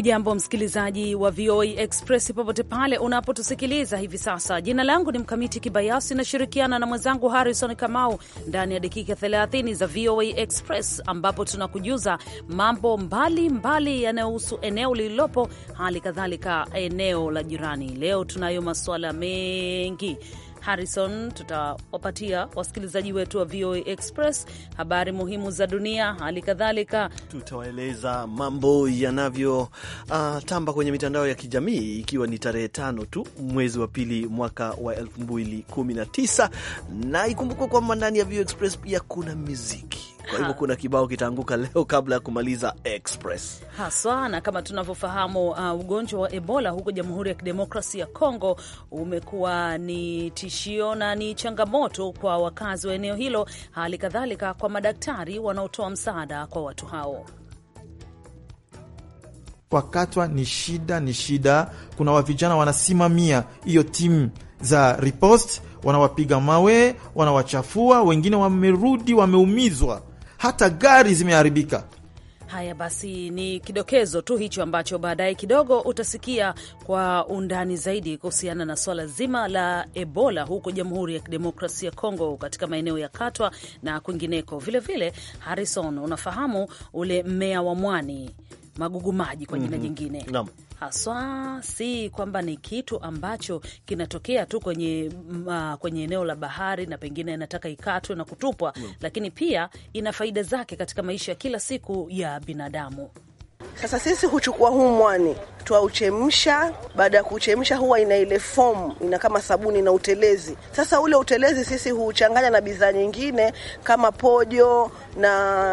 Hujambo msikilizaji wa VOA Express popote pale unapotusikiliza hivi sasa. Jina langu ni Mkamiti Kibayasi, nashirikiana na mwenzangu Harrison Kamau ndani ya dakika 30 za VOA Express ambapo tunakujuza mambo mbalimbali yanayohusu eneo lililopo, hali kadhalika eneo la jirani. Leo tunayo masuala mengi Harrison, tutawapatia wasikilizaji wetu wa VOA Express habari muhimu za dunia. Hali kadhalika tutawaeleza mambo yanavyotamba ah, uh, kwenye mitandao ya kijamii, ikiwa ni tarehe tano tu mwezi wa pili mwaka wa 2019 na ikumbukwe kwamba ndani ya VOA Express pia kuna muziki kwa hivyo kuna kibao kitaanguka leo kabla ya kumaliza Express haswa. Na kama tunavyofahamu, uh, ugonjwa wa Ebola huko Jamhuri ya Kidemokrasi ya Kongo umekuwa ni tishio na ni changamoto kwa wakazi wa eneo hilo, hali kadhalika kwa madaktari wanaotoa msaada kwa watu hao. Katwa ni shida, ni shida. Kuna wavijana wanasimamia hiyo timu za ripost, wanawapiga mawe, wanawachafua, wengine wamerudi wameumizwa hata gari zimeharibika. Haya basi, ni kidokezo tu hicho ambacho baadaye kidogo utasikia kwa undani zaidi kuhusiana na swala zima la Ebola huko Jamhuri ya Kidemokrasia ya Kongo, katika maeneo ya Katwa na kwingineko. Vilevile Harrison, unafahamu ule mmea wa mwani magugu maji kwa jina mm -hmm. jingine haswa, si kwamba ni kitu ambacho kinatokea tu kwenye, uh, kwenye eneo la bahari na pengine inataka ikatwe na kutupwa no. Mm. Lakini pia ina faida zake katika maisha ya kila siku ya binadamu. Sasa sisi huchukua huu mwani twauchemsha. Baada ya kuchemsha, huwa ina ile fomu, ina kama sabuni na utelezi. Sasa ule utelezi sisi huuchanganya na bidhaa nyingine kama pojo na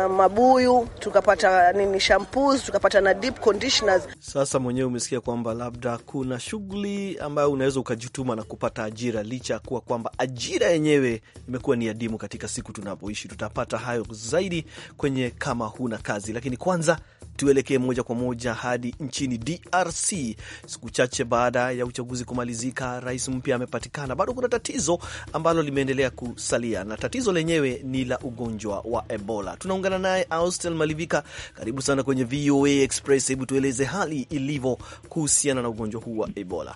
mabuyu, tukapata nini, shampoos, tukapata na deep conditioners. Sasa mwenyewe umesikia kwamba labda kuna shughuli ambayo unaweza ukajituma na kupata ajira, licha ya kuwa kwamba ajira yenyewe imekuwa ni adimu katika siku tunapoishi. Tutapata hayo zaidi kwenye kama huna kazi, lakini kwanza Tuelekee moja kwa moja hadi nchini DRC. Siku chache baada ya uchaguzi kumalizika, rais mpya amepatikana. Bado kuna tatizo ambalo limeendelea kusalia, na tatizo lenyewe ni la ugonjwa wa Ebola. Tunaungana naye Austel Malivika, karibu sana kwenye VOA Express. Hebu tueleze hali ilivyo kuhusiana na ugonjwa huu wa Ebola.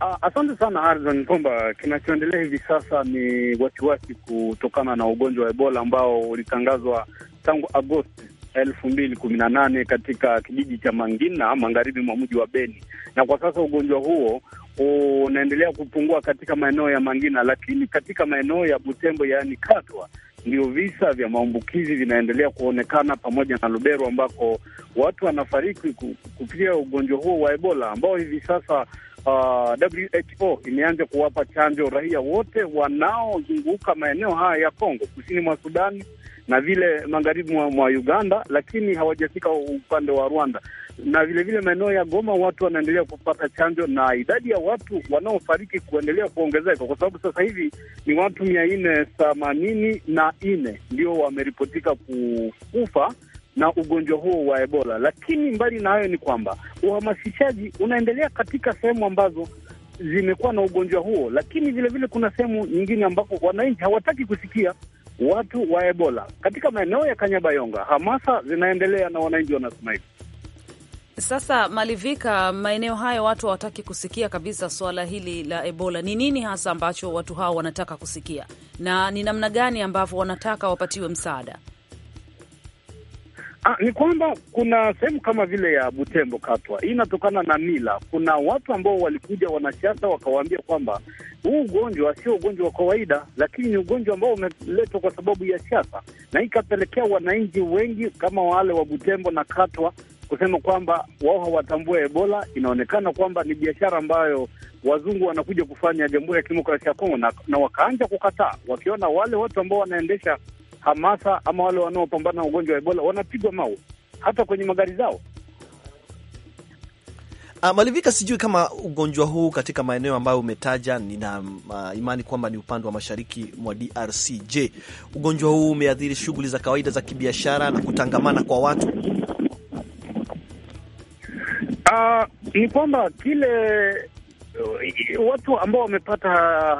Ah, asante sana Arzon, kwamba kinachoendelea hivi sasa ni wasiwasi kutokana na ugonjwa wa Ebola ambao ulitangazwa tangu Agosti elfu mbili kumi na nane katika kijiji cha Mangina magharibi mwa mji wa Beni, na kwa sasa ugonjwa huo unaendelea kupungua katika maeneo ya Mangina, lakini katika maeneo ya Butembo yaani Katwa ndio visa vya maambukizi vinaendelea kuonekana pamoja na Lubero ambako watu wanafariki kupitia ugonjwa huo wa Ebola ambao hivi sasa Uh, WHO imeanza kuwapa chanjo raia wote wanaozunguka maeneo haya ya Kongo kusini mwa Sudani na vile magharibi mwa, mwa Uganda, lakini hawajafika upande wa Rwanda na vilevile maeneo ya Goma watu wanaendelea kupata chanjo na idadi ya watu wanaofariki kuendelea kuongezeka, kwa sababu sasa hivi ni watu mia nne themanini na nne ndio wameripotika kufa na ugonjwa huo wa Ebola. Lakini mbali na hayo ni kwamba uhamasishaji unaendelea katika sehemu ambazo zimekuwa na ugonjwa huo, lakini vilevile vile kuna sehemu nyingine ambako wananchi hawataki kusikia watu wa Ebola katika maeneo ya Kanyabayonga. Hamasa zinaendelea na wananchi wanasema hivi sasa. Malivika, maeneo hayo watu hawataki kusikia kabisa suala hili la Ebola. Ni nini hasa ambacho watu hao wanataka kusikia na ni namna gani ambavyo wanataka wapatiwe msaada? Ah, ni kwamba kuna sehemu kama vile ya Butembo Katwa, hii inatokana na mila. Kuna watu ambao walikuja wanasiasa wakawaambia kwamba huu ugonjwa sio ugonjwa wa kawaida, lakini ni ugonjwa ambao umeletwa kwa sababu ya siasa, na ikapelekea wananchi wengi kama wale wa Butembo na Katwa kusema kwamba wao hawatambue Ebola. Inaonekana kwamba ni biashara ambayo wazungu wanakuja kufanya Jamhuri ya Kidemokrasia ya Kongo, na, na wakaanja kukataa wakiona wale watu ambao wanaendesha hamasa ama wale wanaopambana na ugonjwa wa Ebola wanapigwa mawe hata kwenye magari zao. Ah, Malivika, sijui kama ugonjwa huu katika maeneo ambayo umetaja, nina uh, imani kwamba ni upande wa mashariki mwa DRC. Je, ugonjwa huu umeathiri shughuli za kawaida za kibiashara na kutangamana kwa watu? Uh, ni kwamba kile Eh, watu ambao wamepata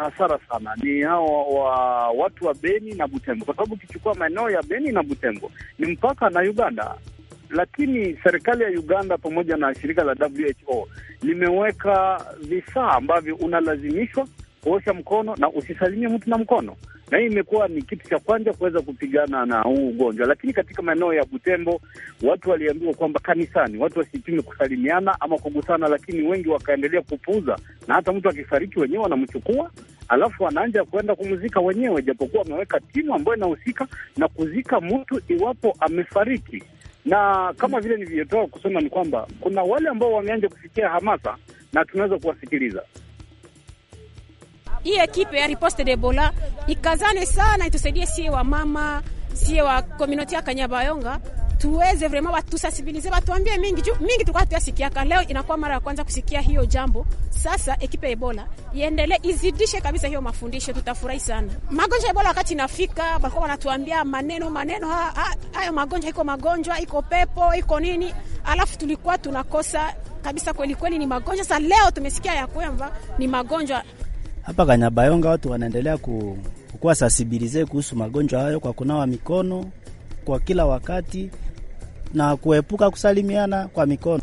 hasara sana ni hao wa watu wa Beni na Butembo, kwa sababu ukichukua maeneo ya Beni na Butembo ni mpaka na Uganda, lakini serikali ya Uganda pamoja na shirika la WHO limeweka vifaa ambavyo unalazimishwa kuosha mkono na usisalimie mtu na mkono na hii imekuwa ni kitu cha kwanza kuweza kupigana na huu ugonjwa. Lakini katika maeneo ya Butembo watu waliambiwa kwamba kanisani watu wasipime kusalimiana ama kugusana, lakini wengi wakaendelea kupuuza, na hata mtu akifariki wenyewe wanamchukua alafu anaanja kuenda kumzika wenyewe, japokuwa wameweka timu ambayo inahusika na kuzika mtu iwapo amefariki. Na kama vile nilivyotoa kusema ni kwamba kuna wale ambao wameanja kufikia hamasa na tunaweza kuwasikiliza hii ekipe ya riposte de Ebola ikazane sana, itusaidie sie wa mama, sie wa community ya Kanyabayonga tuweze vraiment watusasibilize watuambie mingi juu mingi tukao Ka Leo inakuwa mara ya kwanza kusikia hiyo jambo. Sasa ekipe ya Ebola iendelee, izidishe kabisa hiyo mafundisho, tutafurahi sana. Magonjwa ya Ebola wakati inafika walikuwa wanatuambia maneno maneno, hayo magonjwa iko magonjwa iko pepo iko nini, alafu tulikuwa tunakosa kabisa kweli kweli ni magonjwa. Sasa leo tumesikia ya kwamba ni magonjwa hapa Kanyabayonga watu wanaendelea kukuwa sasibilize kuhusu magonjwa hayo kwa kunawa mikono kwa kila wakati na kuepuka kusalimiana kwa mikono.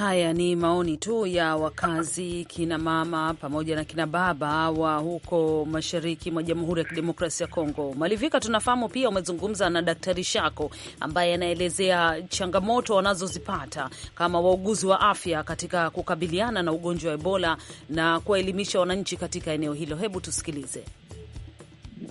Haya ni maoni tu ya wakazi kina mama pamoja na kina baba wa huko mashariki mwa Jamhuri ya Kidemokrasia ya Kongo. Malivika, tunafahamu pia umezungumza na Daktari Shako ambaye anaelezea changamoto wanazozipata kama wauguzi wa afya katika kukabiliana na ugonjwa wa Ebola na kuwaelimisha wananchi katika eneo hilo. Hebu tusikilize.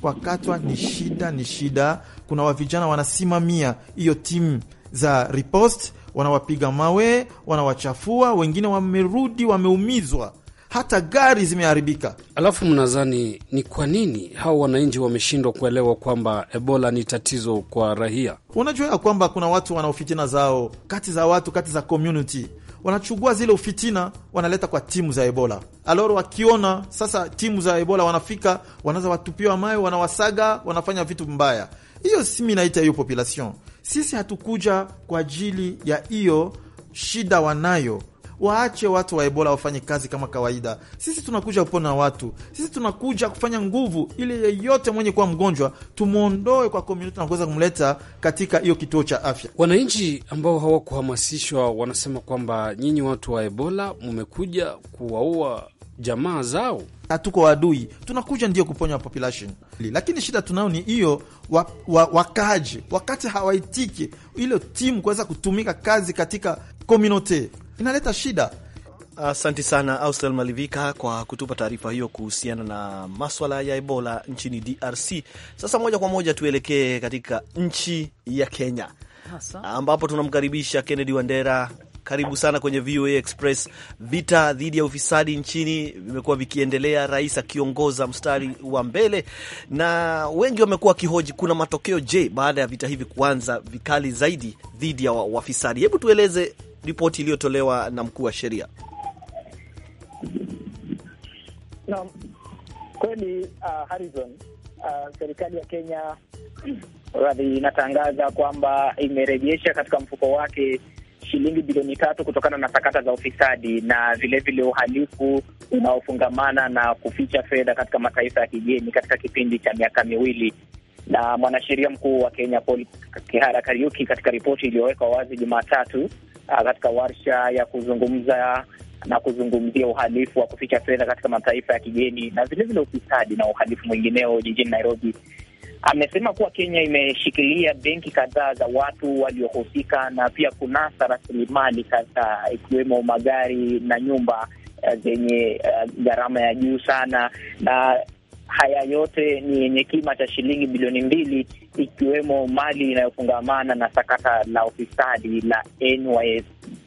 kwa katwa ni shida, ni shida. Kuna wavijana wanasimamia hiyo timu za riposte wanawapiga mawe, wanawachafua, wengine wamerudi wameumizwa, hata gari zimeharibika. Alafu mnadhani ni kwa nini hao wananchi wameshindwa kuelewa kwamba Ebola ni tatizo kwa raia? Unajua ya kwamba kuna watu wanaofitina zao kati za watu kati za community wanachugua zile ufitina wanaleta kwa timu za Ebola. Aloro wakiona sasa timu za Ebola wanafika, wanaanza watupiwa mawe, wanawasaga, wanafanya vitu mbaya. Hiyo si mi naita hiyo population sisi hatukuja kwa ajili ya hiyo shida wanayo Waache watu wa Ebola wafanye kazi kama kawaida. Sisi tunakuja kupona watu, sisi tunakuja kufanya nguvu ili yeyote mwenye kuwa mgonjwa tumwondoe kwa komuniti na kuweza kumleta katika hiyo kituo cha afya. Wananchi ambao hawakuhamasishwa wanasema kwamba nyinyi watu wa Ebola mmekuja kuwaua jamaa zao hatuko wadui, tunakuja ndio kuponya population, lakini shida tunao ni hiyo wa, wa, wakaji wakati hawaitiki ile timu kuweza kutumika kazi katika komunote inaleta shida. Asante sana Austel Malivika kwa kutupa taarifa hiyo kuhusiana na maswala ya Ebola nchini DRC. Sasa moja kwa moja tuelekee katika nchi ya Kenya ambapo tunamkaribisha Kennedy Wandera karibu sana kwenye VOA Express. Vita dhidi ya ufisadi nchini vimekuwa vikiendelea, rais akiongoza mstari wa mbele, na wengi wamekuwa wakihoji kuna matokeo je, baada ya vita hivi kuanza vikali zaidi dhidi ya wafisadi? Hebu tueleze ripoti iliyotolewa na mkuu wa sheria. Naam, kweli uh, Harrison, uh, serikali ya Kenya radhi inatangaza kwamba imerejesha katika mfuko wake shilingi bilioni tatu kutokana na sakata za ufisadi na vilevile uhalifu unaofungamana na kuficha fedha katika mataifa ya kigeni katika kipindi cha miaka miwili. Na mwanasheria mkuu wa Kenya Paul Kihara Kariuki, katika ripoti iliyowekwa wazi Jumatatu ah, katika warsha ya kuzungumza na kuzungumzia uhalifu wa kuficha fedha katika mataifa ya kigeni na vilevile ufisadi na uhalifu mwingineo jijini Nairobi, Amesema kuwa Kenya imeshikilia benki kadhaa za watu waliohusika na pia kunasa rasilimali kadhaa ikiwemo magari na nyumba eh, zenye uh, gharama ya juu sana na haya yote ni yenye kima cha shilingi bilioni mbili ikiwemo mali inayofungamana na sakata la ufisadi la NYS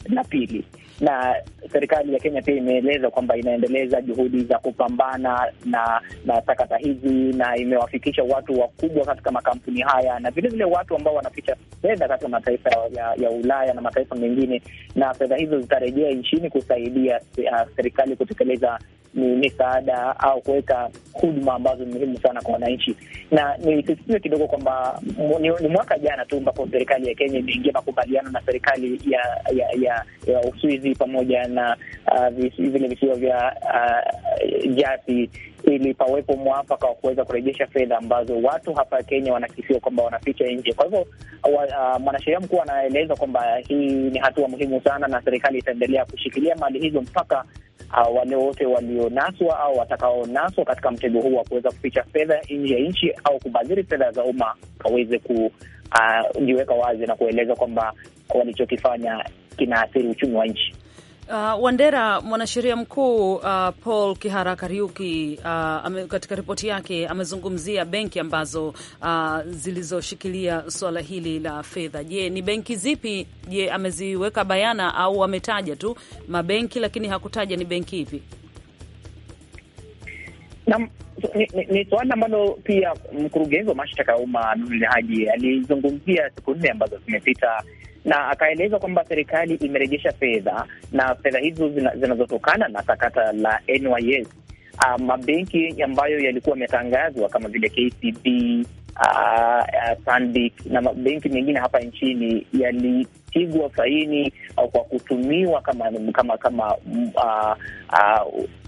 la pili na serikali ya Kenya pia imeeleza kwamba inaendeleza juhudi za kupambana na na takata hizi na imewafikisha watu wakubwa katika makampuni haya na vilevile watu ambao wanaficha fedha katika mataifa ya, ya Ulaya na mataifa mengine, na fedha hizo zitarejea nchini kusaidia uh, serikali kutekeleza ni misaada au kuweka huduma ambazo ni muhimu sana kwa wananchi, na nisisitize kidogo kwamba ni, ni mwaka jana tu ambapo serikali ya Kenya imeingia makubaliano na serikali ya ya, ya, ya Uswizi pamoja na uh, vile visiwa vya uh, Jasi ili pawepo mwafaka wa kuweza kurejesha fedha ambazo watu hapa Kenya wanakisiwa kwamba wanaficha nje. Kwa hivyo uh, mwanasheria uh, mkuu anaeleza kwamba hii ni hatua muhimu sana, na serikali itaendelea kushikilia mali hizo mpaka uh, wale wote walionaswa au watakaonaswa katika mtego huu wa kuweza kuficha fedha nje ya nchi au kubadhiri fedha za umma waweze kujiweka uh, wazi na kueleza kwamba walichokifanya kinaathiri uchumi wa nchi. Uh, Wandera, mwanasheria mkuu uh, Paul Kihara Kariuki uh, ame, katika ripoti yake amezungumzia benki ambazo uh, zilizoshikilia suala hili la fedha. Je, ni benki zipi? Je, ameziweka bayana au ametaja tu mabenki, lakini hakutaja ni benki ipi? Naam, ni suala ambalo pia mkurugenzi wa mashtaka ya umma Nurdin Haji alizungumzia siku nne ambazo zimepita na akaeleza kwamba serikali imerejesha fedha na fedha hizo zinazotokana na sakata la NYS. Uh, ah, mabenki ambayo yalikuwa yametangazwa kama vile KCB Ah, ah, Sandvik na mabenki mengine hapa nchini yalipigwa faini au kwa kutumiwa kama kama kama mm, ah,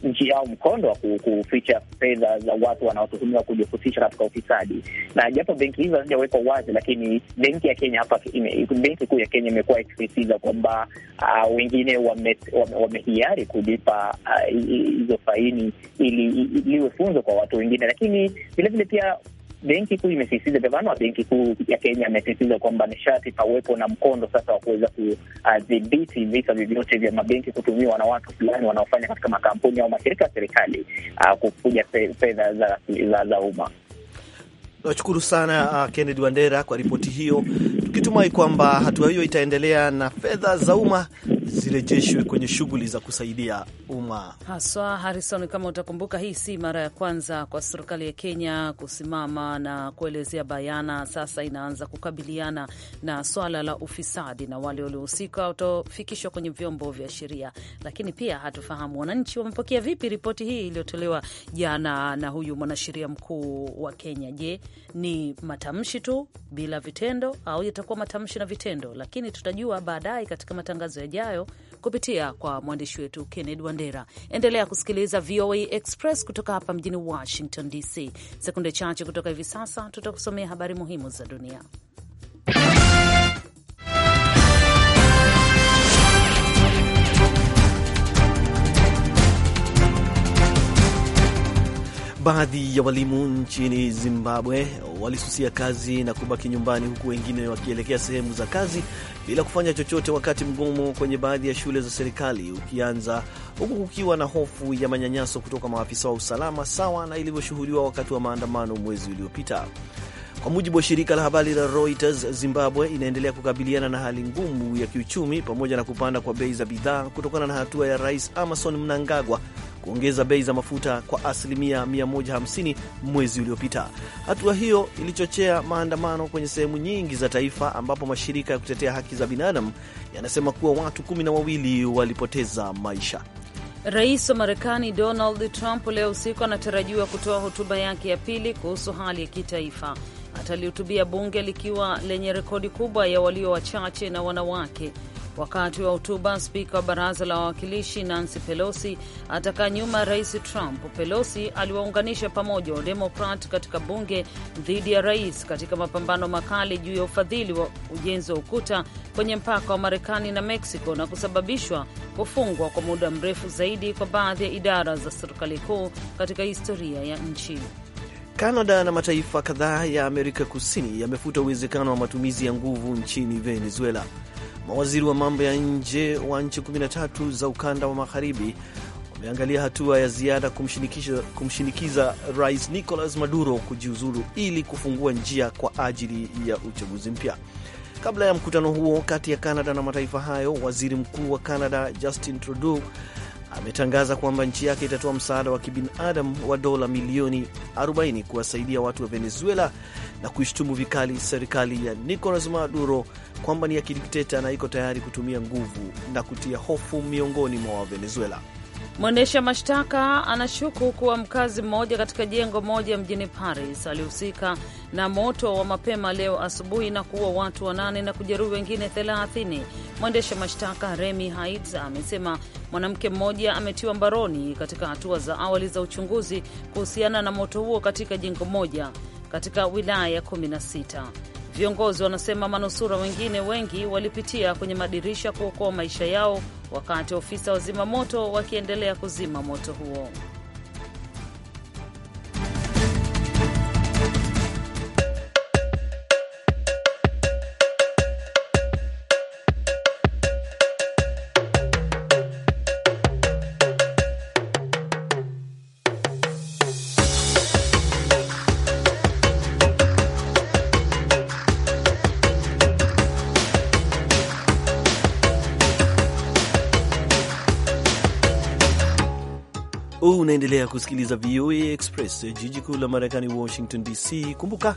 nchi yao mkondo wa kuficha fedha za watu wanaotuhumiwa kujihusisha katika ufisadi. Na japo benki hizo hazijawekwa wazi, lakini benki ya Kenya hapa, benki kuu ya Kenya imekuwa ikisisitiza kwamba uh, wengine wamehiari wame kulipa hizo uh, faini ili liwe funzo kwa watu wengine, lakini vilevile pia benki kuu imesisitiza, gavana wa benki kuu ya Kenya amesisitiza kwamba nishati pawepo na mkondo sasa wa kuweza kudhibiti visa vyovyote vya mabenki kutumiwa na watu fulani wanaofanya katika makampuni au mashirika ya serikali uh, kufuja fedha za, za, za umma. Nashukuru sana uh, Kennedy Wandera kwa ripoti hiyo tukitumai kwamba hatua hiyo itaendelea na fedha za umma zirejeshwe kwenye shughuli za kusaidia umma haswa. Harrison, kama utakumbuka, hii si mara ya kwanza kwa serikali ya Kenya kusimama na kuelezea bayana. Sasa inaanza kukabiliana na swala la ufisadi na wale waliohusika watafikishwa kwenye vyombo vya sheria, lakini pia hatufahamu wananchi wamepokea vipi ripoti hii iliyotolewa jana na huyu mwanasheria mkuu wa Kenya. Je, ni matamshi tu bila vitendo au yata yatakuwa matamshi na vitendo, lakini tutajua baadaye katika matangazo yajayo kupitia kwa mwandishi wetu kenned Wandera. Endelea kusikiliza VOA Express kutoka hapa mjini Washington DC. Sekunde chache kutoka hivi sasa tutakusomea habari muhimu za dunia. Baadhi ya walimu nchini Zimbabwe walisusia kazi na kubaki nyumbani, huku wengine wakielekea sehemu za kazi bila kufanya chochote, wakati mgomo kwenye baadhi ya shule za serikali ukianza, huku kukiwa na hofu ya manyanyaso kutoka maafisa wa usalama, sawa na ilivyoshuhudiwa wakati wa maandamano mwezi uliopita. Kwa mujibu wa shirika la habari la Reuters, Zimbabwe inaendelea kukabiliana na hali ngumu ya kiuchumi pamoja na kupanda kwa bei za bidhaa kutokana na hatua ya Rais Emmerson Mnangagwa kuongeza bei za mafuta kwa asilimia 150 mwezi uliopita. Hatua hiyo ilichochea maandamano kwenye sehemu nyingi za taifa, ambapo mashirika ya kutetea haki za binadamu yanasema kuwa watu kumi na wawili walipoteza maisha. Rais wa Marekani Donald Trump leo usiku anatarajiwa kutoa hotuba yake ya pili kuhusu hali ya kitaifa. Atalihutubia bunge likiwa lenye rekodi kubwa ya walio wachache na wanawake Wakati wa hotuba, spika wa baraza la wawakilishi Nancy Pelosi atakaa nyuma rais Trump. Pelosi aliwaunganisha pamoja Wademokrat katika bunge dhidi ya rais katika mapambano makali juu ya ufadhili wa ujenzi wa ukuta kwenye mpaka wa Marekani na Meksiko na kusababishwa kufungwa kwa muda mrefu zaidi kwa baadhi ya idara za serikali kuu katika historia ya nchi. Kanada na mataifa kadhaa ya Amerika Kusini yamefuta uwezekano wa matumizi ya nguvu nchini Venezuela Mawaziri wa mambo ya nje wa nchi 13 za ukanda wa magharibi wameangalia hatua ya ziada kumshinikiza Rais Nicolas Maduro kujiuzulu ili kufungua njia kwa ajili ya uchaguzi mpya. Kabla ya mkutano huo kati ya Canada na mataifa hayo, waziri mkuu wa Canada Justin Trudeau ametangaza kwamba nchi yake itatoa msaada wa kibinadamu wa dola milioni 40 kuwasaidia watu wa Venezuela na kuishtumu vikali serikali ya Nicolas Maduro kwamba ni ya kidikteta na iko tayari kutumia nguvu na kutia hofu miongoni mwa Wavenezuela. Mwendesha mashtaka anashuku kuwa mkazi mmoja katika jengo moja mjini Paris alihusika na moto wa mapema leo asubuhi na kuua watu wanane na kujeruhi wengine thelathini Mwendesha mashtaka Remi Haids amesema mwanamke mmoja ametiwa mbaroni katika hatua za awali za uchunguzi kuhusiana na moto huo katika jengo moja katika wilaya ya 16. Viongozi wanasema manusura wengine wengi walipitia kwenye madirisha kuokoa maisha yao wakati ofisa wa zimamoto wakiendelea kuzima moto huo. huu unaendelea kusikiliza VOA Express, jiji kuu la Marekani, Washington DC. Kumbuka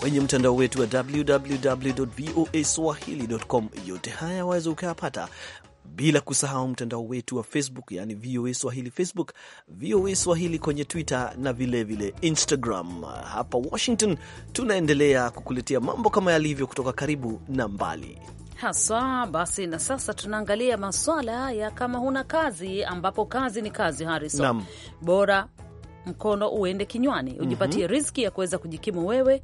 kwenye mtandao wetu wa www voa swahili.com, yote haya waweza ukayapata bila kusahau mtandao wetu wa Facebook, yani VOA Swahili Facebook, VOA Swahili kwenye Twitter na vilevile vile Instagram. Hapa Washington tunaendelea kukuletea mambo kama yalivyo kutoka karibu na mbali haswa. Basi na sasa tunaangalia maswala ya kama huna kazi, ambapo kazi ni kazi, Harrison, bora mkono uende kinywani ujipatie mm -hmm. riziki ya kuweza kujikimu wewe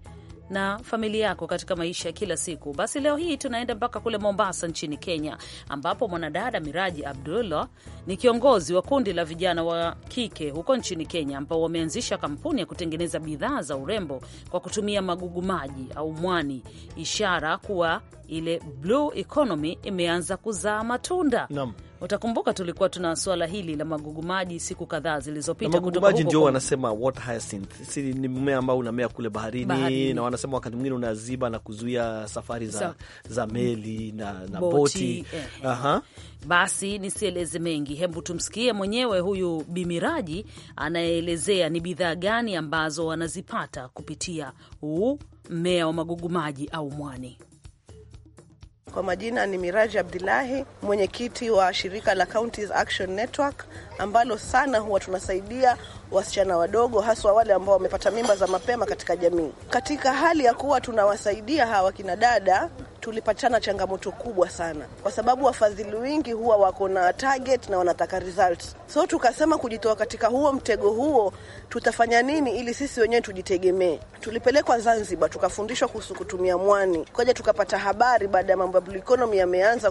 na familia yako katika maisha ya kila siku. Basi leo hii tunaenda mpaka kule Mombasa nchini Kenya, ambapo mwanadada Miraji Abdullah ni kiongozi wa kundi la vijana wa kike huko nchini Kenya, ambao wameanzisha kampuni ya kutengeneza bidhaa za urembo kwa kutumia magugu maji au mwani, ishara kuwa ile blue economy imeanza kuzaa matunda. Naam. Utakumbuka tulikuwa tuna swala hili la magugu maji siku kadhaa zilizopita. Magugumaji ndio wanasema water hyacinth, si ni mmea ambao unamea kule baharini, baharini, na wanasema wakati mwingine unaziba na kuzuia safari za, za meli na, na boti, boti. Eh, eh. Basi nisieleze mengi, hebu tumsikie mwenyewe huyu Bimiraji anayeelezea ni bidhaa gani ambazo wanazipata kupitia huu mmea wa magugu maji au mwani. Kwa majina ni Miraji abdulahi mwenyekiti wa shirika la Counties Action Network ambalo sana huwa tunasaidia wasichana wadogo haswa wale ambao wamepata mimba za mapema katika jamii. Katika hali ya kuwa tunawasaidia hawa kina dada, tulipatana changamoto kubwa sana, kwa sababu wafadhili wengi huwa wako na target na wanataka result. So tukasema kujitoa katika huo mtego huo, tutafanya nini ili sisi wenyewe tujitegemee? Tulipelekwa Zanzibar, tukafundishwa kuhusu kutumia mwani, tukaja tukapata habari baada ya mambo ya blue economy yameanza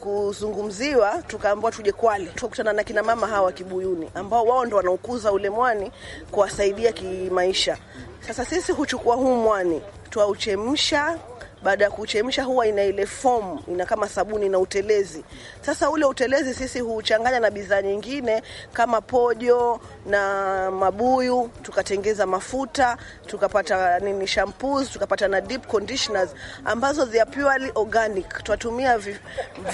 kuzungumziwa, tukaambiwa tuje Kwale, tukakutana na kina mama hawa Kibuyuni ambao wao ndo wanaokuza ule mwani kuwasaidia kimaisha. Sasa sisi huchukua huu mwani twauchemsha baada ya kuchemsha huwa ina ile foam, ina kama sabuni na utelezi. Sasa ule utelezi sisi huuchanganya na bidhaa nyingine kama pojo na mabuyu, tukatengeza mafuta, tukapata nini shampoos, tukapata na deep conditioners ambazo they are purely organic. Twatumia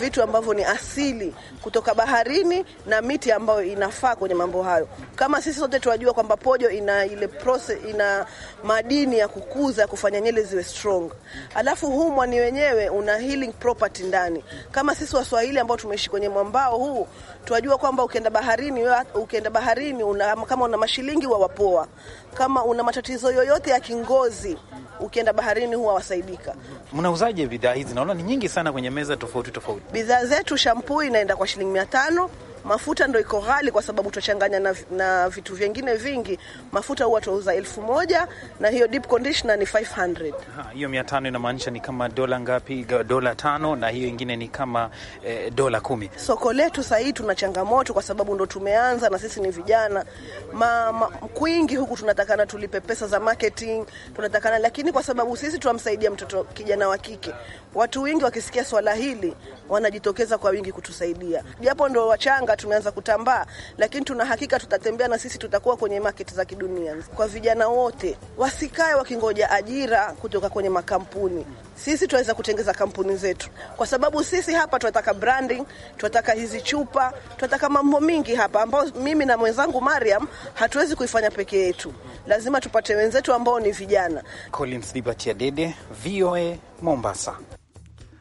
vitu ambavyo ni asili kutoka baharini na miti ambayo inafaa kwenye mambo hayo. Kama sisi sote tunajua kwamba pojo ina ile process, ina madini ya kukuza kufanya nywele ziwe strong. Alafu Alafu huu mwani wenyewe una healing property ndani. Kama sisi Waswahili ambao tumeishi kwenye mwambao huu, tunajua kwamba ukienda baharini, ukienda baharini una, kama una mashilingi wa wapoa. Kama una matatizo yoyote ya kingozi, ukienda baharini huwa wasaidika. Mnauzaje bidhaa hizi? Naona ni nyingi sana kwenye meza tofauti tofauti. Bidhaa zetu shampoo inaenda kwa shilingi mia tano Mafuta ndo iko ghali kwa sababu tuchanganya na, na vitu vingine vingi. Mafuta huwa tuuza elfu moja na hiyo deep conditioner ni 500. Aha, hiyo 500 inamaanisha ni kama dola ngapi? Dola tano, na hiyo ingine ni kama eh, dola kumi. Soko letu sasa hivi tuna changamoto kwa sababu ndo tumeanza na sisi ni vijana ma, ma, kwingi huku tunatakana tulipe pesa za marketing tunatakana, lakini kwa sababu sisi tuamsaidia mtoto kijana wa kike, watu wengi wakisikia swala hili wanajitokeza kwa wingi kutusaidia, japo ndo wachanga anga tumeanza kutambaa, lakini tuna hakika tutatembea na sisi tutakuwa kwenye market za kidunia. Kwa vijana wote wasikae wakingoja ajira kutoka kwenye makampuni, sisi tunaweza kutengeza kampuni zetu, kwa sababu sisi hapa tunataka branding, tunataka hizi chupa, tunataka mambo mingi hapa ambao mimi na mwenzangu Mariam hatuwezi kuifanya peke yetu, lazima tupate wenzetu ambao ni vijana. Collins Liberty Dede, VOA Mombasa.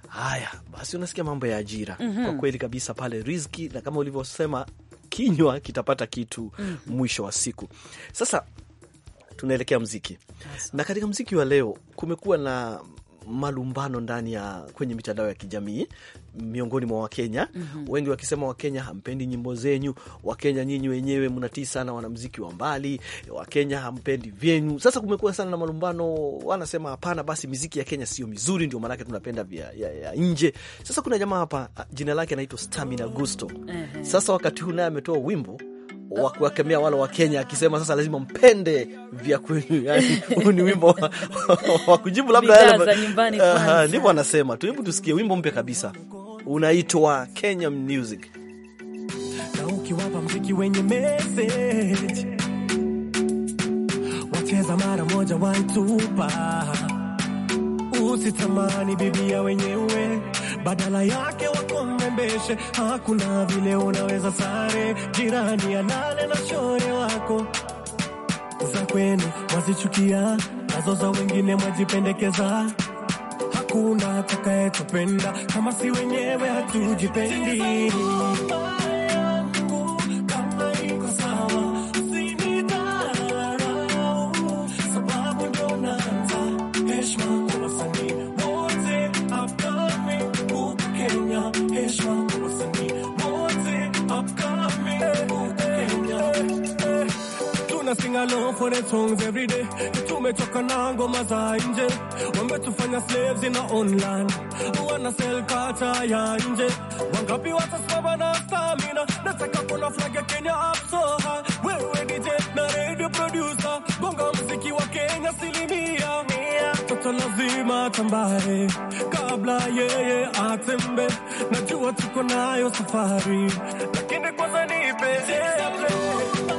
Haya basi, unasikia mambo ya ajira mm -hmm. Kwa kweli kabisa pale riziki, na kama ulivyosema kinywa kitapata kitu mm -hmm. Mwisho wa siku sasa tunaelekea mziki yes. Na katika mziki wa leo kumekuwa na malumbano ndani ya kwenye mitandao ya kijamii miongoni mwa Wakenya mm -hmm. wengi wakisema Wakenya hampendi nyimbo zenyu, Wakenya nyinyi wenyewe mnatii sana wanamziki wa mbali, Wakenya hampendi vyenyu. Sasa kumekuwa sana na malumbano, wanasema hapana, basi miziki ya Kenya sio mizuri, ndio maanake tunapenda vya ya, ya nje. Sasa kuna jamaa hapa jina lake anaitwa Stamina Gusto. Sasa wakati huu naye ametoa wimbo wa kuwakemea wale wa Kenya, akisema sasa lazima mpende vya kwenu. Yani huu ni wimbo wa kujibu labda yale Uh, ndivyo anasema. tu. Hebu tusikie wimbo mpya kabisa unaitwa Kenya Music na ukiwapa mziki wenye message wacheza mara moja waitupa. Usitamani bibia wenyewe, badala yake wako nirembeshe, hakuna vile unaweza sare, jirani alale na shore wako za kwenu mwazichukia, nazo za wengine mwajipendekeza. Hakuna atakayetupenda kama si wenyewe hatujipendi. Bonnet songs every day. You me Tumechoka na ngoma za nje, wametufanya slaves in our own land. online, wana sell kata ya nje. Wangapi watasimama na stamina? Nataka kuona flag ya Kenya up so high. Wewe DJ na radio producer, bonga muziki wa Kenya asilimia mia. Toto lazima tambae kabla yeye atembe. Najua tuko nayo safari, lakini kwa kwanza Yeah.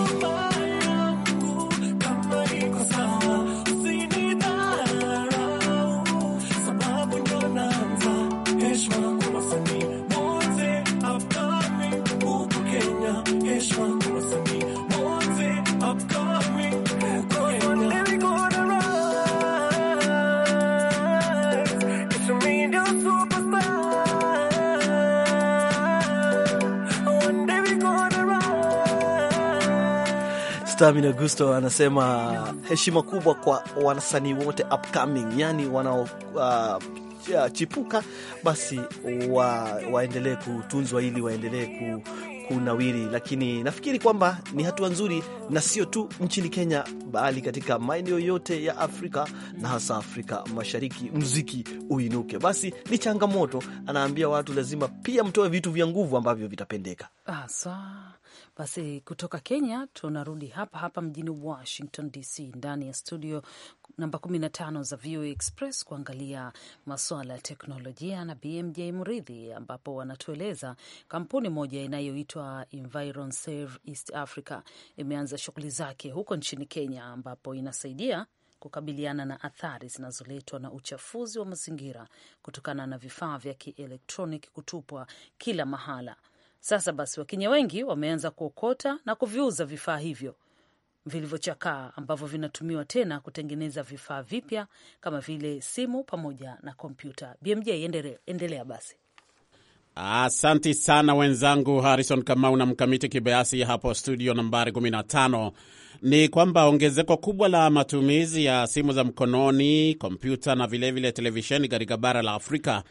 Gustami augusto Gusto anasema heshima kubwa kwa wasanii wote upcoming, yani wanaochipuka uh, uh basi wa, waendelee kutunzwa ili waendelee kunawiri, lakini nafikiri kwamba ni hatua nzuri, na sio tu nchini Kenya, bali katika maeneo yote ya Afrika na hasa Afrika Mashariki, mziki uinuke. Basi ni changamoto, anaambia watu lazima pia mtoe vitu vya nguvu ambavyo vitapendeka. Asa. Basi kutoka Kenya tunarudi hapa hapa mjini Washington DC, ndani ya studio namba 15 za VOA e Express kuangalia masuala ya teknolojia na BMJ Mridhi, ambapo wanatueleza kampuni moja inayoitwa inaitwa Environ East Africa imeanza shughuli zake huko nchini Kenya, ambapo inasaidia kukabiliana na athari zinazoletwa na uchafuzi wa mazingira kutokana na vifaa vya kielektroniki kutupwa kila mahala. Sasa basi, Wakenya wengi wameanza kuokota na kuviuza vifaa hivyo vilivyochakaa ambavyo vinatumiwa tena kutengeneza vifaa vipya kama vile simu pamoja na kompyuta. BMJ, endelea basi. Asanti sana wenzangu Harrison Kamau na Mkamiti Kibayasi hapo studio nambari 15. Ni kwamba ongezeko kubwa la matumizi ya simu za mkononi, kompyuta na vilevile televisheni katika bara la Afrika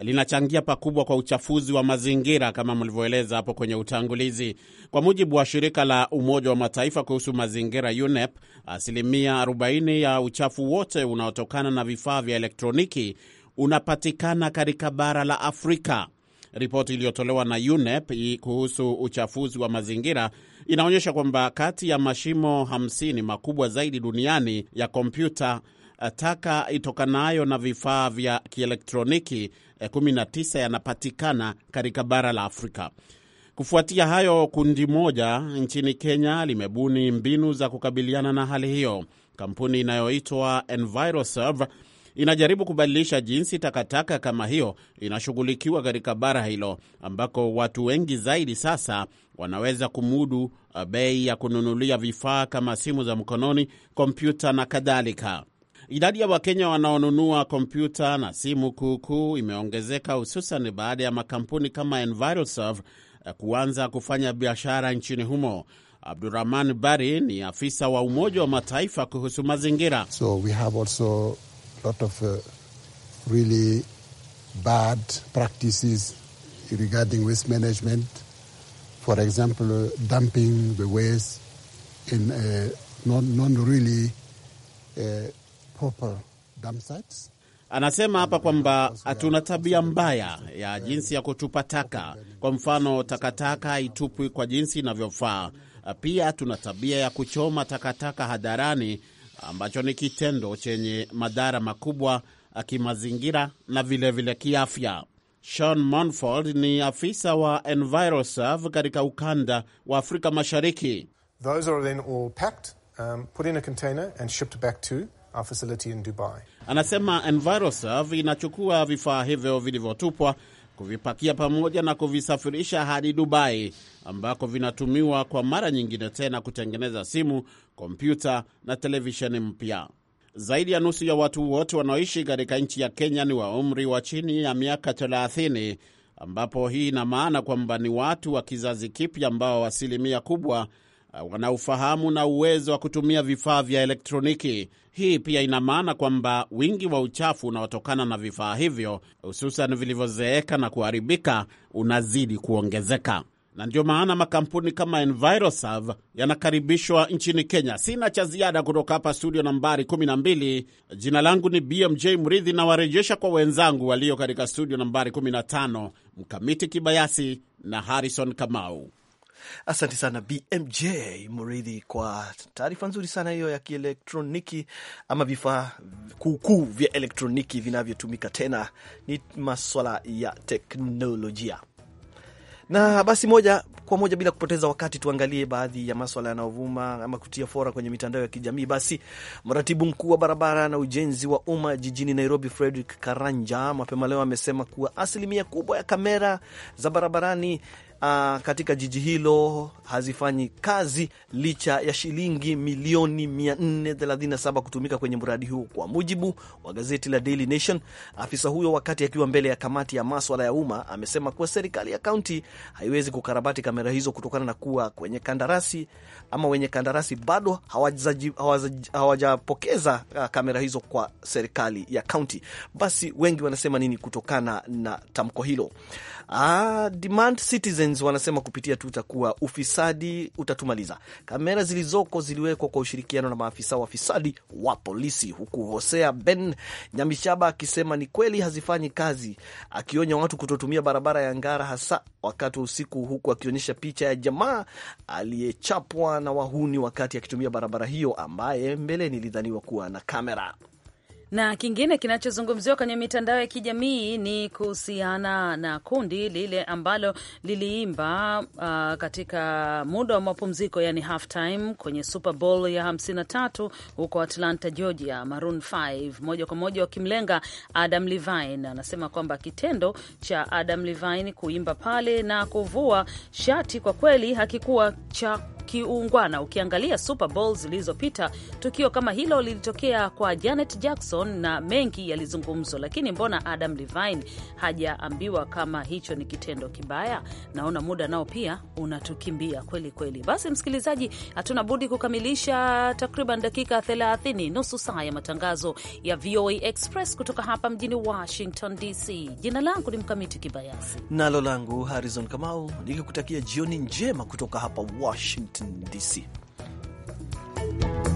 linachangia pakubwa kwa uchafuzi wa mazingira kama mlivyoeleza hapo kwenye utangulizi. Kwa mujibu wa shirika la Umoja wa Mataifa kuhusu mazingira UNEP, asilimia 40 ya uchafu wote unaotokana na vifaa vya elektroniki unapatikana katika bara la Afrika. Ripoti iliyotolewa na UNEP kuhusu uchafuzi wa mazingira inaonyesha kwamba kati ya mashimo 50 makubwa zaidi duniani ya kompyuta eh, taka itokanayo na vifaa vya kielektroniki 19 eh, yanapatikana katika bara la Afrika. Kufuatia hayo, kundi moja nchini Kenya limebuni mbinu za kukabiliana na hali hiyo. Kampuni inayoitwa EnviroServe inajaribu kubadilisha jinsi takataka kama hiyo inashughulikiwa katika bara hilo ambako watu wengi zaidi sasa wanaweza kumudu uh, bei ya kununulia vifaa kama simu za mkononi, kompyuta na kadhalika. Idadi ya Wakenya wanaonunua kompyuta na simu kuukuu imeongezeka hususan baada ya makampuni kama EnviroServ uh, kuanza kufanya biashara nchini humo. Abdurahman Bari ni afisa wa Umoja wa Mataifa kuhusu mazingira. So we have also lot of uh, really bad practices regarding waste management. For example, uh, dumping the waste in uh, non, non really uh, proper dump sites. Anasema hapa uh, kwamba hatuna tabia mbaya ya jinsi ya kutupa taka. Kwa mfano, takataka haitupwi kwa jinsi inavyofaa. Pia tuna tabia ya kuchoma takataka hadharani ambacho ni kitendo chenye madhara makubwa uh, kimazingira na vilevile kiafya. Sean monfold ni afisa wa EnviroServe katika ukanda wa Afrika Mashariki. Those are then all packed, um, put in a container and shipped back to our facility in Dubai. Anasema EnviroServe inachukua vifaa hivyo vilivyotupwa kuvipakia pamoja na kuvisafirisha hadi Dubai ambako vinatumiwa kwa mara nyingine tena kutengeneza simu, kompyuta na televisheni mpya. Zaidi ya nusu ya watu wote wanaoishi katika nchi ya Kenya ni wa umri wa chini ya miaka 30, ambapo hii ina maana kwamba ni watu wa kizazi kipya ambao asilimia kubwa Uh, wana ufahamu na uwezo wa kutumia vifaa vya elektroniki. Hii pia ina maana kwamba wingi wa uchafu unaotokana na vifaa hivyo, hususan vilivyozeeka na kuharibika, unazidi kuongezeka na ndio maana makampuni kama Enviroserve yanakaribishwa nchini Kenya. Sina cha ziada kutoka hapa studio nambari 12. Jina langu ni BMJ Mridhi, nawarejesha kwa wenzangu walio katika studio nambari 15, Mkamiti Kibayasi na Harrison Kamau. Asante sana BMJ Mridhi kwa taarifa nzuri sana hiyo ya kielektroniki, ama vifaa kuukuu vya elektroniki vinavyotumika tena, ni maswala ya teknolojia. Na basi moja kwa moja bila kupoteza wakati, tuangalie baadhi ya maswala yanayovuma ama kutia fora kwenye mitandao ya kijamii. Basi mratibu mkuu wa barabara na ujenzi wa umma jijini Nairobi, fredrick Karanja, mapema leo amesema kuwa asilimia kubwa ya kamera za barabarani uh, katika jiji hilo hazifanyi kazi licha ya shilingi milioni 437 kutumika kwenye mradi huo, kwa mujibu wa gazeti la Daily Nation. Afisa huyo wakati akiwa mbele ya kamati ya maswala ya umma amesema kuwa serikali ya kaunti haiwezi kukarabati kamera hizo kutokana na kuwa kwenye kandarasi ama wenye kandarasi bado hawajapokeza ah, kamera hizo kwa serikali ya kaunti. Basi wengi wanasema nini kutokana na tamko hilo? Ah, Demand Citizen Citizens wanasema kupitia Twitter kuwa ufisadi utatumaliza. Kamera zilizoko ziliwekwa kwa ushirikiano na maafisa wafisadi wa polisi, huku Hosea Ben Nyamishaba akisema ni kweli hazifanyi kazi, akionya watu kutotumia barabara ya Ngara hasa wakati wa usiku, huku akionyesha picha ya jamaa aliyechapwa na wahuni wakati akitumia barabara hiyo ambaye mbeleni ilidhaniwa kuwa na kamera na kingine kinachozungumziwa kwenye mitandao ya kijamii ni kuhusiana na kundi lile ambalo liliimba uh, katika muda wa mapumziko yani half time kwenye Super Bowl ya 53 huko Atlanta, Georgia, Maroon 5, moja kwa moja wakimlenga Adam Levine. Anasema kwamba kitendo cha Adam Levine kuimba pale na kuvua shati kwa kweli hakikuwa cha kiungwana. Ukiangalia Super Bowl zilizopita, tukio kama hilo lilitokea kwa Janet Jackson na mengi yalizungumzwa, lakini mbona Adam Levine hajaambiwa kama hicho ni kitendo kibaya? Naona muda nao pia unatukimbia kweli kweli. Basi msikilizaji, hatuna budi kukamilisha takriban dakika 30 nusu saa ya matangazo ya VOA Express kutoka hapa mjini Washington DC. Jina langu ni Mkamiti Kibayasi nalo langu Harrison Kamau, nikikutakia jioni njema kutoka hapa Washington. Washington DC.